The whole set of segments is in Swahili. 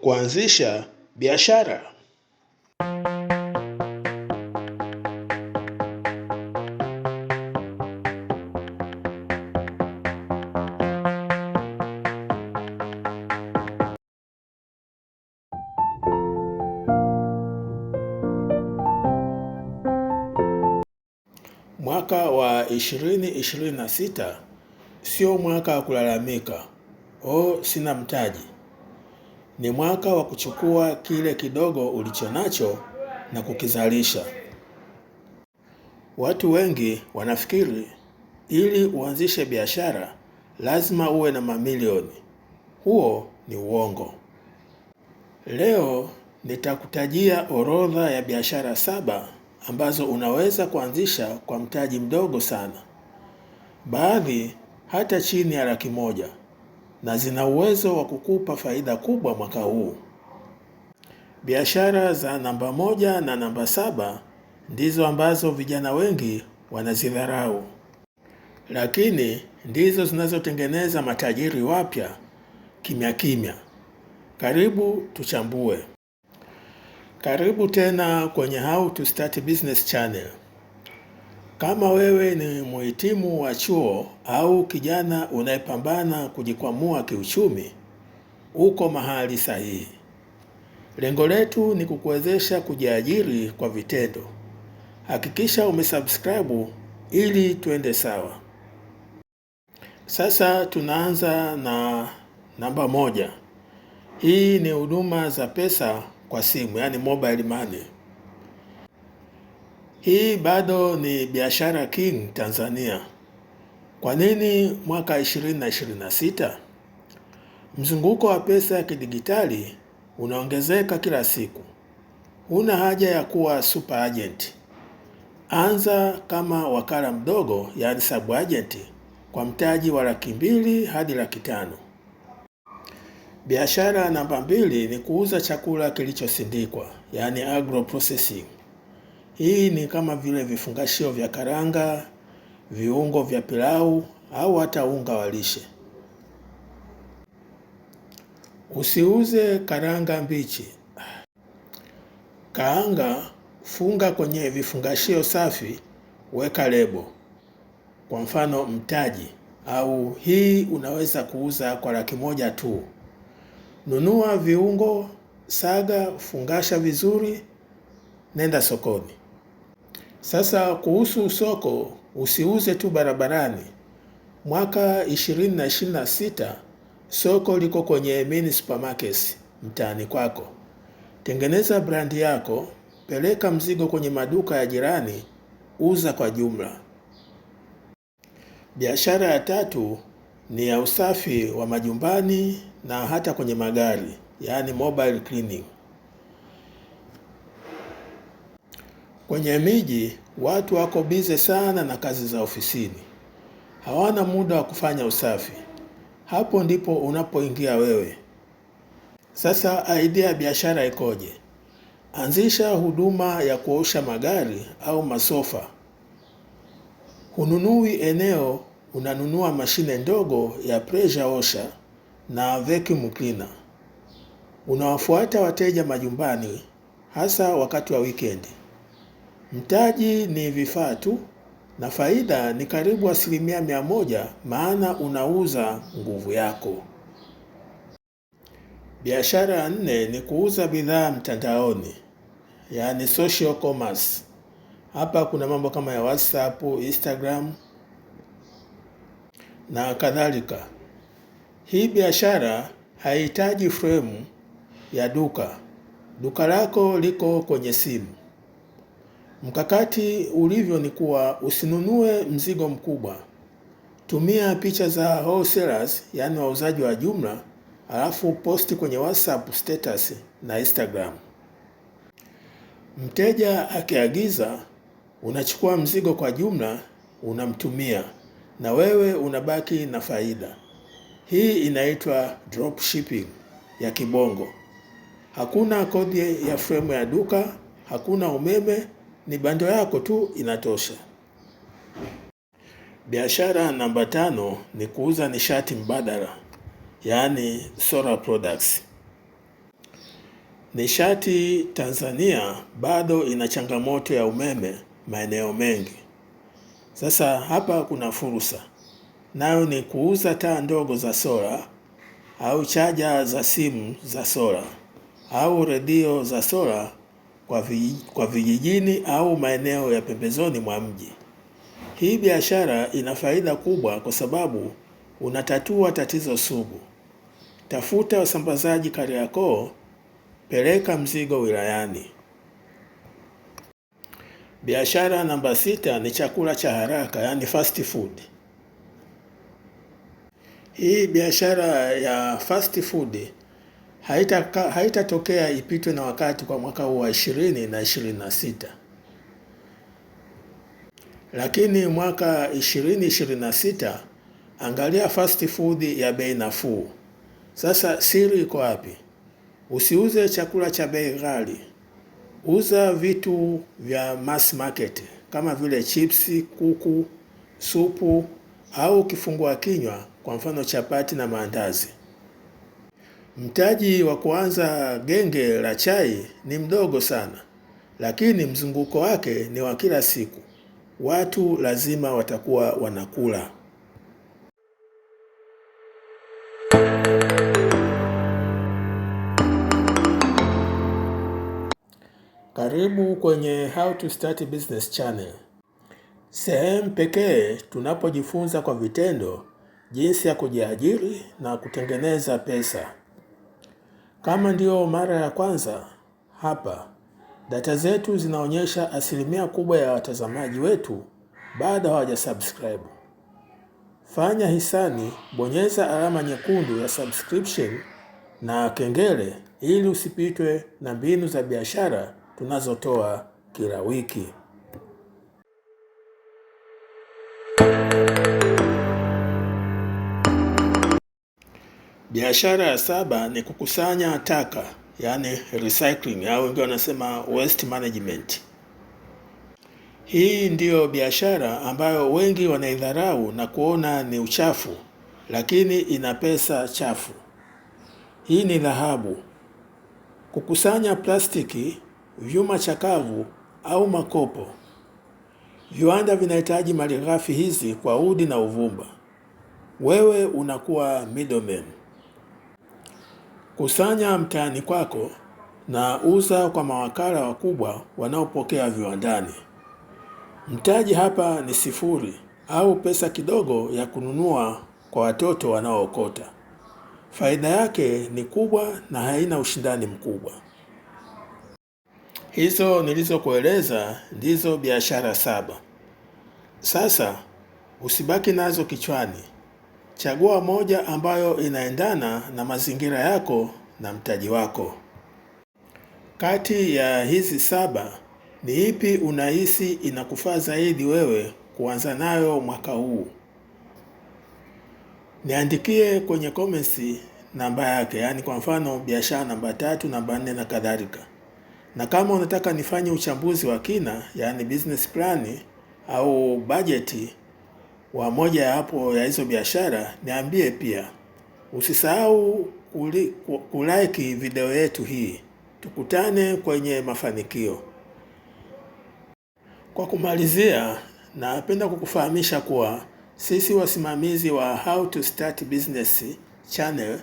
Kuanzisha biashara. Mwaka wa 2026 sio mwaka wa kulalamika, oh, sina mtaji ni mwaka wa kuchukua kile kidogo ulicho nacho na kukizalisha. Watu wengi wanafikiri ili uanzishe biashara lazima uwe na mamilioni. Huo ni uongo. Leo nitakutajia orodha ya biashara saba ambazo unaweza kuanzisha kwa mtaji mdogo sana, baadhi hata chini ya laki moja na zina uwezo wa kukupa faida kubwa mwaka huu. Biashara za namba moja na namba saba ndizo ambazo vijana wengi wanazidharau, lakini ndizo zinazotengeneza matajiri wapya kimya kimya. Karibu tuchambue. Karibu tena kwenye How to Start Business channel. Kama wewe ni mhitimu wa chuo au kijana unayepambana kujikwamua kiuchumi, uko mahali sahihi. Lengo letu ni kukuwezesha kujiajiri kwa vitendo. Hakikisha umesubscribe ili tuende sawa. Sasa tunaanza na namba moja. Hii ni huduma za pesa kwa simu, yaani mobile money. Hii bado ni biashara king Tanzania. Kwa nini mwaka 2026? Mzunguko wa pesa ya kidigitali unaongezeka kila siku. Huna haja ya kuwa super agent. Anza kama wakala mdogo, yaani sub-agent, kwa mtaji wa laki mbili hadi laki tano. Biashara namba mbili ni kuuza chakula kilichosindikwa, yaani agro processing. Hii ni kama vile vifungashio vya karanga, viungo vya pilau au hata unga wa lishe. Usiuze karanga mbichi. Kaanga, funga kwenye vifungashio safi, weka lebo, kwa mfano mtaji au hii unaweza kuuza kwa laki moja tu. Nunua viungo, saga, fungasha vizuri, nenda sokoni. Sasa kuhusu soko, usiuze tu barabarani. Mwaka 2026 soko liko kwenye mini supermarkets mtaani kwako. Tengeneza brandi yako, peleka mzigo kwenye maduka ya jirani, uza kwa jumla. Biashara ya tatu ni ya usafi wa majumbani na hata kwenye magari, yaani mobile cleaning. Kwenye miji watu wako bize sana na kazi za ofisini, hawana muda wa kufanya usafi. Hapo ndipo unapoingia wewe. Sasa idea ya biashara ikoje? Anzisha huduma ya kuosha magari au masofa. Hununui eneo, unanunua mashine ndogo ya pressure washer na vacuum cleaner. Unawafuata wateja majumbani, hasa wakati wa wikendi. Mtaji ni vifaa tu na faida ni karibu asilimia mia moja, maana unauza nguvu yako. Biashara ya nne ni kuuza bidhaa mtandaoni, yaani social commerce. Hapa kuna mambo kama ya WhatsApp, Instagram na kadhalika. Hii biashara haihitaji fremu ya duka, duka lako liko kwenye simu. Mkakati ulivyo ni kuwa usinunue mzigo mkubwa. Tumia picha za wholesalers, yaani wauzaji wa jumla, alafu posti kwenye WhatsApp status na Instagram. Mteja akiagiza, unachukua mzigo kwa jumla, unamtumia na wewe unabaki na faida. Hii inaitwa drop shipping ya kibongo. Hakuna kodi ya fremu ya duka, hakuna umeme ni bando yako tu inatosha. Biashara namba tano ni kuuza nishati mbadala, yaani solar products. Nishati Tanzania bado ina changamoto ya umeme maeneo mengi. Sasa hapa kuna fursa, nayo ni kuuza taa ndogo za sola au chaja za simu za sola au redio za sola kwa vijijini au maeneo ya pembezoni mwa mji. Hii biashara ina faida kubwa kwa sababu unatatua tatizo sugu: tafuta wasambazaji Kariakoo, peleka mzigo wilayani. Biashara namba sita ni chakula cha haraka, yani fast food. Hii biashara ya fast food haitatokea haita ipitwe na wakati kwa mwaka huu wa ishirini na ishirini na sita lakini mwaka ishirini ishirini na sita angalia fast food ya bei nafuu. Sasa siri iko wapi? Usiuze chakula cha bei ghali, uza vitu vya mass market kama vile chipsi, kuku, supu au kifungua kinywa, kwa mfano chapati na maandazi. Mtaji wa kuanza genge la chai ni mdogo sana, lakini mzunguko wake ni wa kila siku. Watu lazima watakuwa wanakula. Karibu kwenye How to Start Business Channel, sehemu pekee tunapojifunza kwa vitendo jinsi ya kujiajiri na kutengeneza pesa. Kama ndiyo mara ya kwanza hapa, data zetu zinaonyesha asilimia kubwa ya watazamaji wetu bado hawajasubscribe. Fanya hisani, bonyeza alama nyekundu ya subscription na kengele ili usipitwe na mbinu za biashara tunazotoa kila wiki. Biashara ya saba ni kukusanya taka, yaani recycling au wengine wanasema waste management. Hii ndiyo biashara ambayo wengi wanaidharau na kuona ni uchafu, lakini ina pesa chafu. Hii ni dhahabu. Kukusanya plastiki, vyuma chakavu au makopo. Viwanda vinahitaji malighafi hizi kwa udi na uvumba. Wewe unakuwa middleman kusanya mtaani kwako na uza kwa mawakala wakubwa wanaopokea viwandani. Mtaji hapa ni sifuri au pesa kidogo ya kununua kwa watoto wanaookota. Faida yake ni kubwa na haina ushindani mkubwa. Hizo nilizokueleza ndizo biashara saba. Sasa usibaki nazo kichwani. Chagua moja ambayo inaendana na mazingira yako na mtaji wako. Kati ya hizi saba, ni ipi unahisi inakufaa zaidi wewe kuanza nayo mwaka huu? Niandikie kwenye comments namba yake, yaani kwa mfano biashara namba tatu, namba nne na kadhalika. Na kama unataka nifanye uchambuzi wa kina, yaani business plan au bajeti wa moja hapo ya hizo biashara, niambie pia. Usisahau kulike video yetu hii, tukutane kwenye mafanikio. Kwa kumalizia, napenda kukufahamisha kuwa sisi wasimamizi wa How to Start Business Channel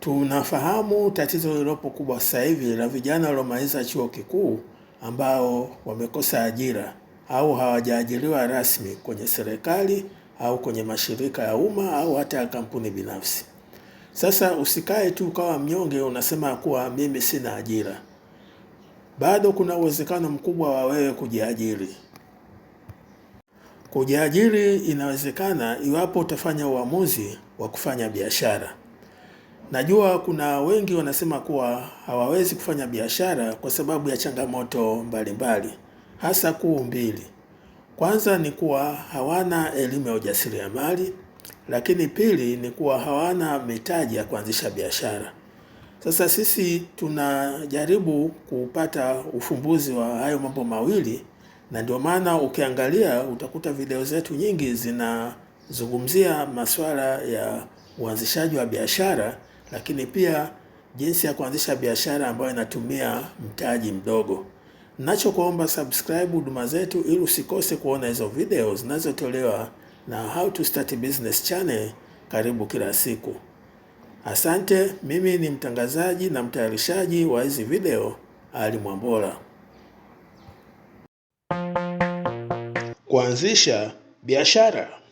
tunafahamu tatizo lilopo kubwa sasa hivi la vijana waliomaliza chuo kikuu ambao wamekosa ajira au hawajaajiriwa rasmi kwenye serikali au kwenye mashirika ya umma au hata ya kampuni binafsi. Sasa usikae tu ukawa mnyonge unasema kuwa mimi sina ajira. Bado kuna uwezekano mkubwa wa wewe kujiajiri. Kujiajiri inawezekana iwapo utafanya uamuzi wa kufanya biashara. Najua kuna wengi wanasema kuwa hawawezi kufanya biashara kwa sababu ya changamoto mbalimbali mbali hasa kuu mbili. Kwanza ni kuwa hawana elimu ya ujasiriamali, lakini pili ni kuwa hawana mitaji ya kuanzisha biashara. Sasa sisi tunajaribu kupata ufumbuzi wa hayo mambo mawili, na ndio maana ukiangalia utakuta video zetu nyingi zinazungumzia masuala ya uanzishaji wa biashara, lakini pia jinsi ya kuanzisha biashara ambayo inatumia mtaji mdogo. Nachokuomba subscribe huduma zetu ili usikose kuona hizo video zinazotolewa na How to Start Business Channel karibu kila siku. Asante, mimi ni mtangazaji na mtayarishaji wa hizi video Ali Mwambola. Kuanzisha biashara